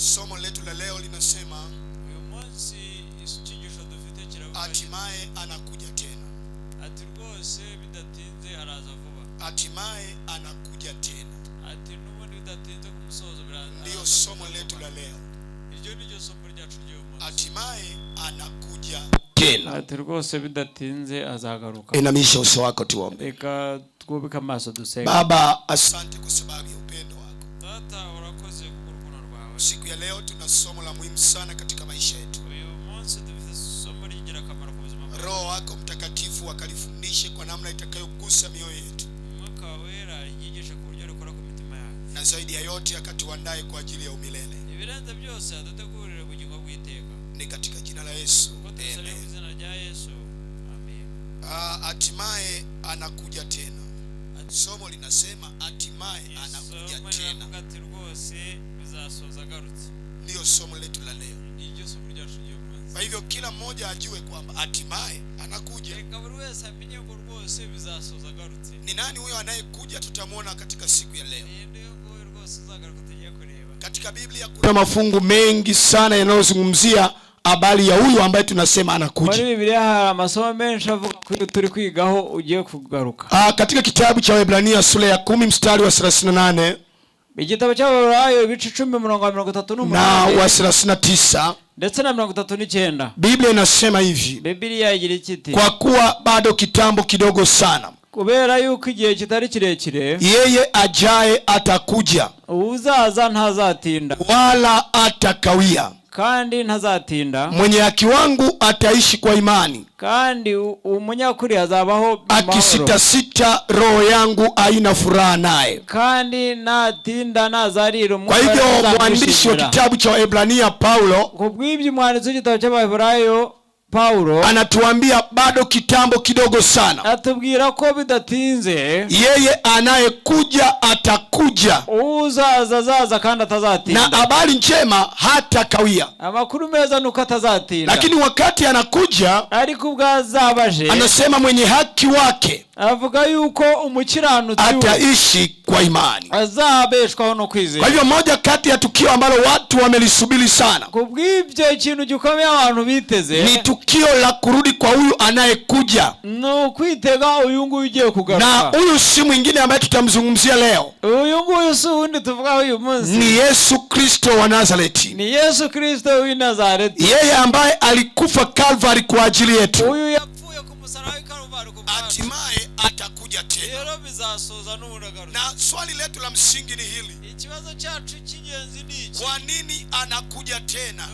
Somo letu la leo linasema hatimaye anakuja tena, ati rwose bidatinze araza vuba, hatimaye anakuja tena. Ati n'ubundi bidatinze kumusozo biraza. Ndiyo somo letu la leo, iryo niryo somo ryacu ry'uyu munsi, hatimaye anakuja tena, ati rwose bidatinze azagaruka. Inamisha uso wako tuombe. Eka tuweke maso dusenge Baba, asante kwa sababu ya upendo wako. Tata, urakoze kwa Siku ya leo tuna somo la muhimu sana katika maisha yetu. Roho wako Mtakatifu akalifundishe kwa namna itakayogusa mioyo yetu, na zaidi ya yote akatuandae kwa ajili ya umilele. Ni katika jina la Yesu, amen. Ah, hatimaye anakuja tena somo linasema hatimaye anakuja tena. Ndiyo somo letu la leo. Kwa hivyo kila mmoja ajue kwamba hatimaye anakuja. Ni nani huyo anayekuja? Tutamwona katika siku ya leo. Ee, katika Biblia kuna mafungu mengi sana yanayozungumzia habari ya huyu ambaye tunasema anakuja. Ah, katika kitabu cha Waebrania sura ya kumi mstari wa 38 igitabo cy'Abarayo ibice icumi mirongo mirongo itatu n'umunani na wa thelathini na tisa ndetse na mirongo itatu n'icyenda Biblia inasema hivi, Biblia igira ikiti, kwa kuwa bado kitambo kidogo sana kubera yuko igihe kitari kirekire yeye ajaye atakuja, uzaza ntazatinda wala atakawia kandi ntazatinda mwenye haki wangu ataishi kwa imani kandi umunyakuri azabaho akisitasita roho yangu aina furaha naye kandi natinda nazarira kwa hivyo mwandishi wa kitabu cha waebrania paulo kubw'ibyo umwanditsi w'igitabo cy'abaheburayo Paulo anatuambia bado kitambo kidogo sana, atubwira ko bidatinze yeye anayekuja atakuja, uzaza azaza kandi atazatinda, na habari njema hata kawia, amakuru meza nuko atazatinda. Lakini wakati anakuja ariko ubwo azabaje, anasema mwenye haki wake avuga yuko umukiranutsi ataishi kwa imani, azabeshwaho no kwizera. Kwa hivyo moja kati ya tukio ambalo watu wamelisubiri sana, kubw'ibyo ikintu gikomeye abantu biteze ni tukio la kurudi kwa huyu anayekuja, ni ukwitega uyu nguyu ugiye kugaruka, na huyu si mwingine ambaye tutamzungumzia leo. Uyu nguyu si uwundi tuvuga uyu munsi, ni Yesu Kristo wa Nazareti, ni Yesu Kristo w'i Nazareti, yeye ambaye alikufa Kalvari kwa ajili yetu. Uyu yapfuye ku musaraba hatimaye atakuja tena. Na swali letu la msingi ni hili, kwa nini anakuja tena?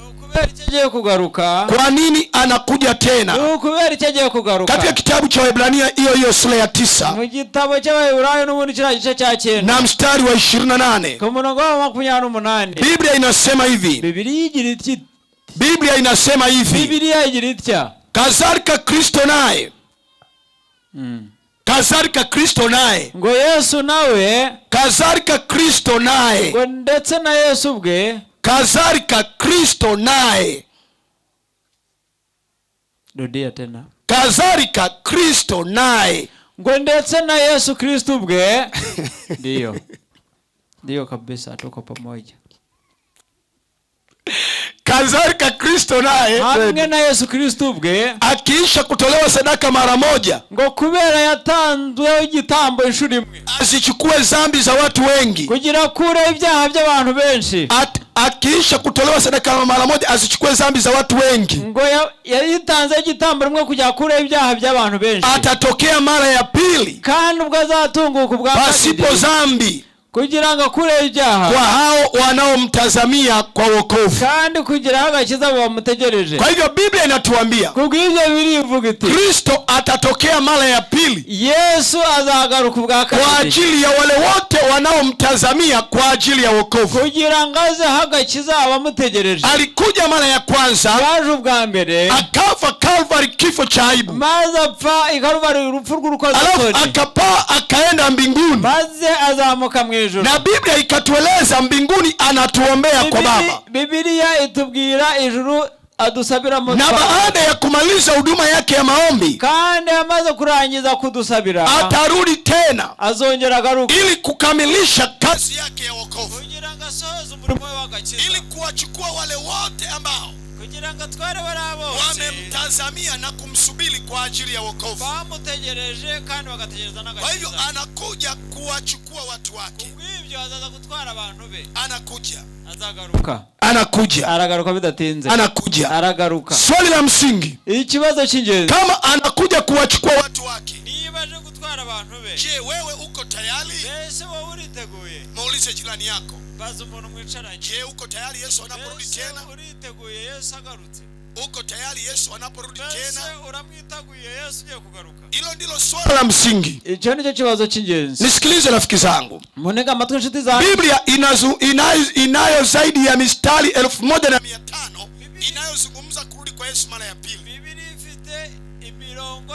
Kwa nini anakuja tena? Katika kitabu cha Waebrania hiyo hiyo sura ya tisa na mstari wa 28 Biblia inasema hivi, Biblia inasema hivi kadhalika Kristo naye mm. kadhalika kristo naye ngo yesu nawe kadhalika kristo naye ngo ndetse na yesu ubwe kadhalika kristo naye rudia tena kadhalika kristo naye ngo ndetse na yesu kristo ubwe ndiyo ndiyo kabisa tuko pamoja kadhalika kristo naye hamwe na yesu kristo ubwe akiisha kutolewa sadaka mara moja ngo kubera yatanzweho igitambo inshuro imwe azichukue zambi za watu wengi kugira akureho ibyaha by'abantu benshi akiisha kutolewa sadaka mara moja azichukue zambi za watu wengi ngo yayitanzeho igitambo rimwe kugira akureho ibyaha by'abantu benshi atatokea mara ya pili kandi ubwo azatunguka ubwa pasipo zambi kugira akureho ibyaha kwa hao wanaomtazamia kwa wokovu kandi kugira aho agakiza bamutegereje kwa hivyo biblia inatuambia kubwo ibyo biblia ivuga iti kristo atatokea mara ya pili yesu azagaruka ubwa kabiri kwa ajili ya wale wote wanaomtazamia kwa ajili ya wokovu kugira ngo aze aho agakiza abamutegereje alikuja mara ya kwanza yaje ubwa mbere akafa kalvari kifo cha aibu maze apfa ikalvari urupfu rw'urukozasoni akapaa akaenda mbinguni maze azamuka mwijuru na biblia ikatueleza mbinguni anatuombea kwa baba bibiliya itubwira ijuru adusabira mu na baada ya kumaliza huduma yake ya maombi kandi amaze kurangiza kudusabira atarudi tena azongera garuka ili kukamilisha kazi yake ya wokovu ili kuwachukua wale wote ambao kugira wamemtazamia na kumsubiri kwa ajili ya wokovu. kandi Kwa hivyo anakuja kuwachukua watu wake, azaza gutwara abantu be, anakuja anakuja anakuja Swali la msingi, ikibazo cy'ingenzi, kama anakuja kuwachukua abantu be je wewe uko tayari mbese wowe uriteguye muulize jirani yako baza umuntu mwicaranye je uko tayari yesu anaporudi tena uriteguye yesu agarutse uko tayari yesu anaporudi tena uramwitaguye yesu ugiye kugaruka hilo ndilo swala la msingi e, icyo nicyo kibazo cy'ingenzi nisikilize rafiki zangu munega amatwi inshuti zangu biblia inazu, inayo, inayo zaidi ya mistari elfu moja na mia tano inayozungumza kurudi kwa yesu mara ya pili ifite imirongo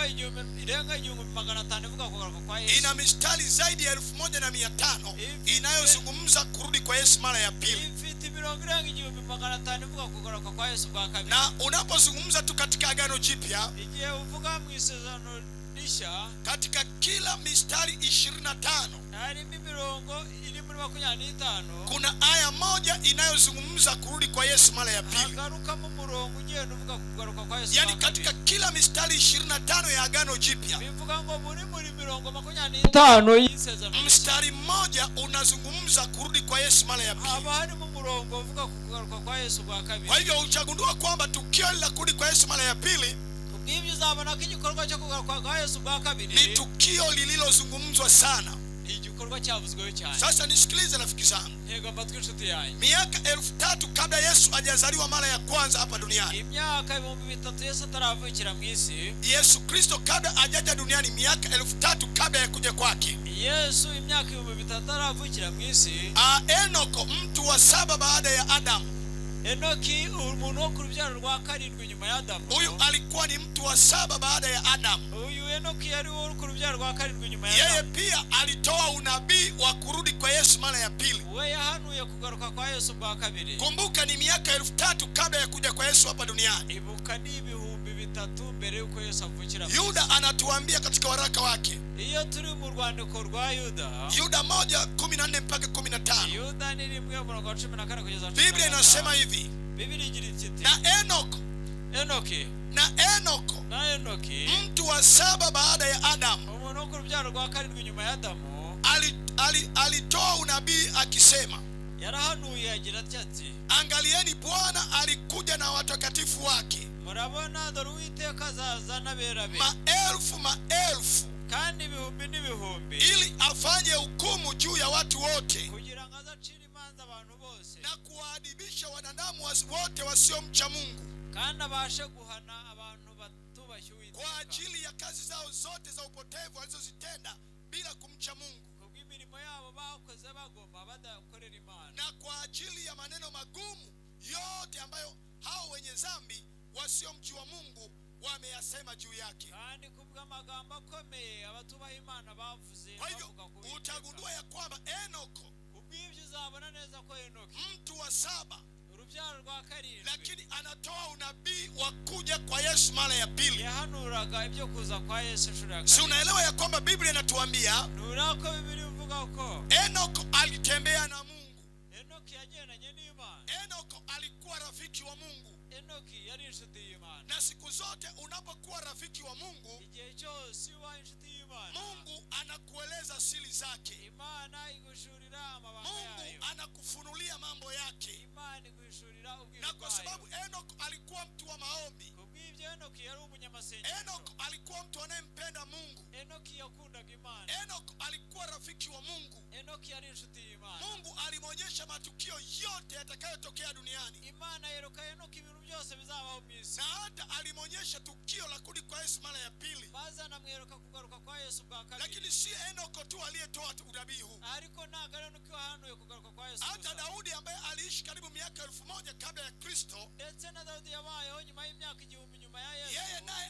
irenga igihumbi magana atanu ivuga kugaruka kwa yesu ina mistari zaidi ya elfu moja na mia tano inayozungumza kurudi kwa yesu mara ya pili ifite imirongo irenga igihumbi magana atanu ivuga kugaruka kwa yesu bwa kabiri na unapozungumza tu katika agano jipya igihe uvuga mu isezerano rishya katika kila mistari ishirini na tano harimo imirongo iri muri makumyabiri n'itanu kuna aya inayozungumza kurudi kwa Yesu mara ya pili. Yani katika kila mistari 25 ya Agano Jipya, mstari mmoja unazungumza kurudi kwa Yesu mara ya pili. Kwa hivyo uchagundua kwamba tukio la kurudi kwa Yesu mara ya pili ni tukio lililozungumzwa sana igikorwa cyavuzweho cyane sasa nisikilize rafiki zangu amatwi inshuti yanjye miaka elfu tatu kabla yesu ajazaliwa mara ya kwanza hapa duniani imyaka ibihumbi bitatu yesu ataravukira mu isi yesu kristo kabla ajaja duniani miaka elfu tatu kabla ya kuja kwake yesu imyaka ibihumbi bitatu mu isi ah, enoko mtu wa saba baada ya adamu enoki umuntu wo ku rubyaro rwa karindwi nyuma ya adamu uyu alikuwa ni mtu wa saba baada ya adamu uyu enoki yari wo ku rubyaro rwa karindwi nyuma ya yeye pia alitoa unabii wa kurudi kwa yesu mara ya pili we yahanuye kugaruka kwa yesu bwa kabiri kumbuka ni miaka elfu tatu kabla ya kuja kwa yesu hapa duniani ibuka ni ibihu bitatu mbere yuko Yesu avukira. Yuda anatuambia katika waraka wake, iyo turi mu rwandiko rwa Yuda, Yuda moja kumi na nne mpaka kumi na tano Yuda ni rimwe wa cumi na kane kugeza Biblia inasema hivi, Biblia igira iti na Enoko, Enoki na Enoko, na Enoki mtu wa saba baada ya Adamu, umuntu wo ku rubyaro rwa karindwi nyuma ya Adamu, alitoa unabii akisema yarahanuye agira ati, angalieni Bwana alikuja na watakatifu wake murabona dore uwiteka azaza n'aberabe maelfu maelfu kandi ibihumbi n'ibihumbi ili afanye hukumu juu ya watu wote kugira ngo azacire imanza abantu bose na kuwadibisha wanadamu wote wasiomcha mungu kandi abashe guhana abantu batubashye uwiteka kwa ajili ya kazi zao zote za upotevu alizozitenda bila kumcha mungu imirimo yabo bakoze bagomba badakorera imana na kwa ajili ya maneno magumu yote ambayo hao wenye zambi mji wa mungu wameyasema juu yake kandi kubwa magambo akomeye abatubaha imana bavuze utagundua ya kwamba enoko kubwibyo uzabona neza ko enoki mtu wa saba urubyaro rwa karindwi lakini anatoa unabii wa kuja kwa yesu mara ya pili yahanuraga ibyo kuza kwa yesu inshuro ya kabiri si unaelewa ya kwamba biblia inatuambia nurako bibiliya ivuga ko enoko alitembea na mungu enoki yagendanye n'imana enoko alikuwa rafiki wa mungu enoki yari inshuti y'imana na siku zote unapokuwa rafiki wa mungu igihe cyose uba inshuti y'imana mungu anakueleza siri zake imana igushurira amabanga mungu anakufunulia mambo yake imana iguhishurira ubwiru na kwa sababu enok alikuwa mtu wa maombi kubw'ibyo enoki yari umunyamasengesho enok alikuwa mtu anayempenda mungu enoki yakundaga imana enok alikuwa rafiki wa mungu enoki yari inshuti y'imana mungu alimwonyesha matukio yote yatakayotokea duniani imana yeroka enoki ibintu byose bizabaho saada alimonyesha tukio la kuli kwa yesu mara ya pili baza anamweroka kugaruka kwa yesu bwa kabiri lakini si enoko tu aliyetoa unabii huu ariko nagaranukiwa hano yo kugaruka kwa yesu hata daudi ambaye aliishi karibu miaka elfu moja kabla ya kristo ndetse na daudi yabayeho nyuma y'imyaka igihumbi nyuma ya yesu yeye naye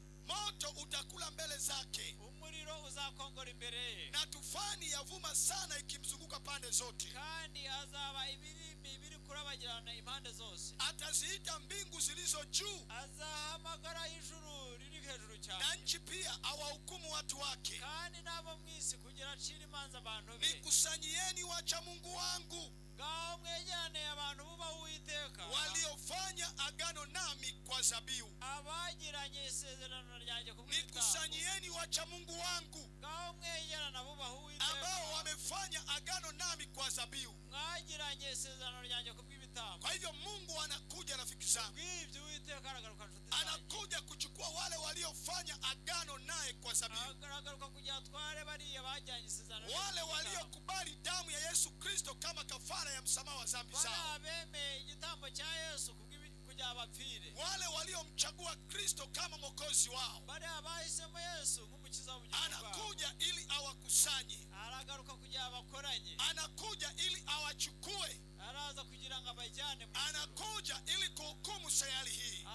moto utakula mbele zake, umuriro uzakongora imbere ye, na tufani yavuma sana ikimzunguka pande zote, kandi azaba ibirimi biri kurabagirana impande zose. Ataziita mbingu zilizo juu, azahamagara ijuru riri hejuru cyane, na nchi pia awahukumu watu wake, kandi n'abo mwisi kugira acira imanza abantu be. Nikusanyieni wacha Mungu wangu waliofanya agano nami kwa zabihu, nikusanyieni wacha Mungu wangu ambao wamefanya agano nami kwa zabihu. Kwa hivyo Mungu anakuja, rafiki zangu, anakuja kuchukua wale waliofanya agano naye kwa zabihu, wale waliokubali damu ya Yesu Kristo kama kafara kafara ya msamaha wa dhambi zao. Wale waliomchagua Kristo kama mwokozi wao anakuja ili awakusanye, anakuja ili awachukue, anakuja ili kuhukumu sayari hii.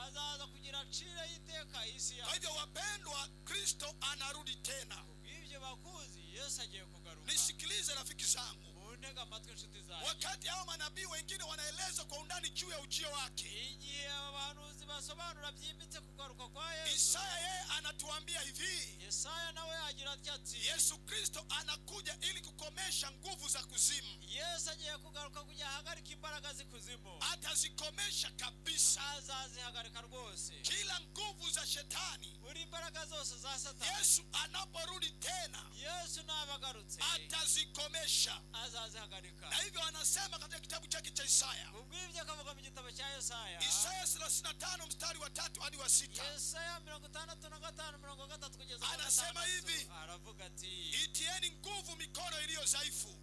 Kwa hivyo, wapendwa, Kristo anarudi tena. Nisikilize rafiki zangu wakati hao manabii wengine wanaeleza kwa undani juu ya ujio wake isaya yeye anatuambia hivi nawe ati yesu kristo anakuja ili kukomesha nguvu za kuzimu yesu agiye kugaruka kugira ahagarika imbaraga z'ikuzimu atazikomesha kabisa azazihagarika rwose kila nguvu za shetani buri imbaraga zose za satani yesu anaporudi tena yesu nabagarutse atazikomesha azazikomesha na hivyo anasema katika kitabu chake cha Isaya, Isaya 35 mstari wa tatu hadi wa sita anasema hivi, itieni nguvu mikono iliyo dhaifu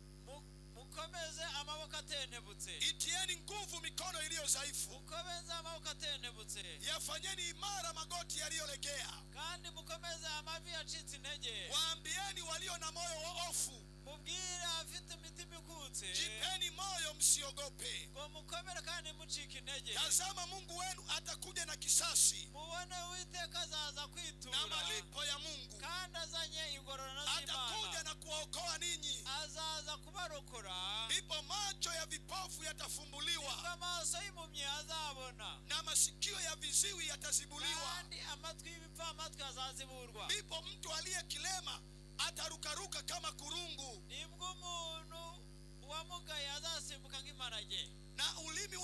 mukomeze amaboko atenebutse. Itieni nguvu mikono iliyo dhaifu, mukomeze amaboko atenebutse. Yafanyeni imara magoti yaliyolegea, kandi mukomeze amavi yacitse intege. Waambieni walio na moyo wa ofu mubwira afite imitima ikutse jipeni moyo msiogope ngo mukomere kandi mucike intege tazama mungu wenu atakuja na kisasi mubone witeka azaza kwitura na malipo ya mungu kandi azanye ingororano z'imana atakuja na kuwaokoa ninyi azaza kubarokora ndipo macho ya vipofu yatafumbuliwa ndipo amaso y'impumyi azabona na masikio ya viziwi yatazibuliwa kandi amatwi y'ibipfamatwi azaziburwa ndipo mtu aliye kilema atarukaruka kama kurungu nibwo umuntu wa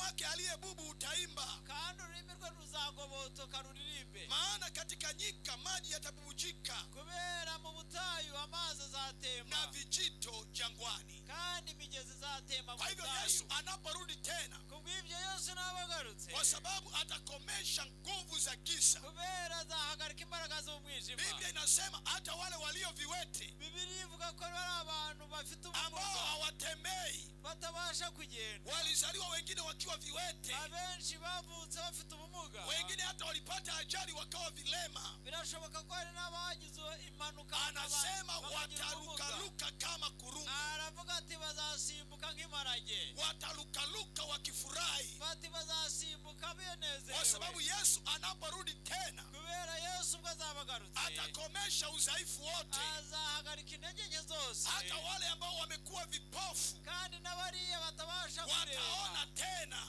wake aliye bubu utaimba, kandi ururimi ruzagobotoka ruririmbe. Maana katika nyika maji yatabubujika, kubera mu butayu amazi azatemba, na vijito jangwani, kandi migezi zatema. Kwa hivyo Yesu anaporudi tena, kubw'ivyo Yesu nabagarutse, kwa sababu atakomesha nguvu za kisa kubera azahagarika imbaraga mwijima Biblia inasema hata wale walio viwete, bibiliya ivuga ko ari abantu bafite ubumuga batabasha kugenda. Walizaliwa wengine wakiwa viwete, abenshi bavutse bafite ubumuga, wengine hata walipata ajali wakawa vilema. Birashoboka ko hari n'abagize impanuka, anasema watarukaruka kama kurungu, aravuga ati bazasimbuka nk'imparage, watarukaruka wakifurahi, bati bazasimbuka benezerewe, kwa sababu Yesu anaporudi tena, kubera Yesu ubwo azabagarutse, atakomesha uzaifu wote, azahagarika intege nke zose hata ambao wamekuwa vipofu wataona tena,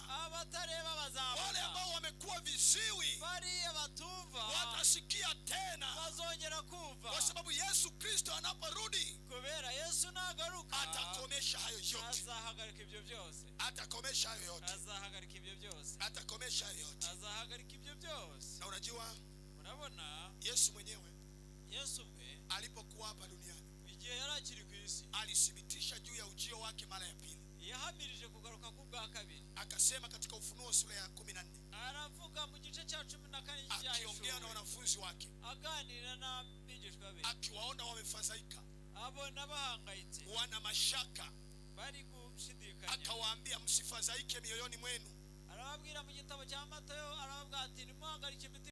wale ambao wamekuwa viziwi watasikia tena, kwa sababu Yesu Kristo anaporudi atakomesha hayo yote, atakomesha hayo yote, atakomesha hayo yote. Na unajua, unabona Yesu mwenyewe, Yesu mwenyewe alipokuwa hapa duniani wake mara ya pili yahamirije kugaruka ku bwa kabiri akasema katika ufunuo sura ya 14 aravuga mu gice cha 14 akiongea na wanafunzi wake aganira na bigishwa be akiwaona wamefadhaika abona bahangaitse wana mashaka bari kushidikanya akawaambia msifadhaike mioyoni mwenu arababwira mu gitabo cha Matayo arababwira ati nimuhagarike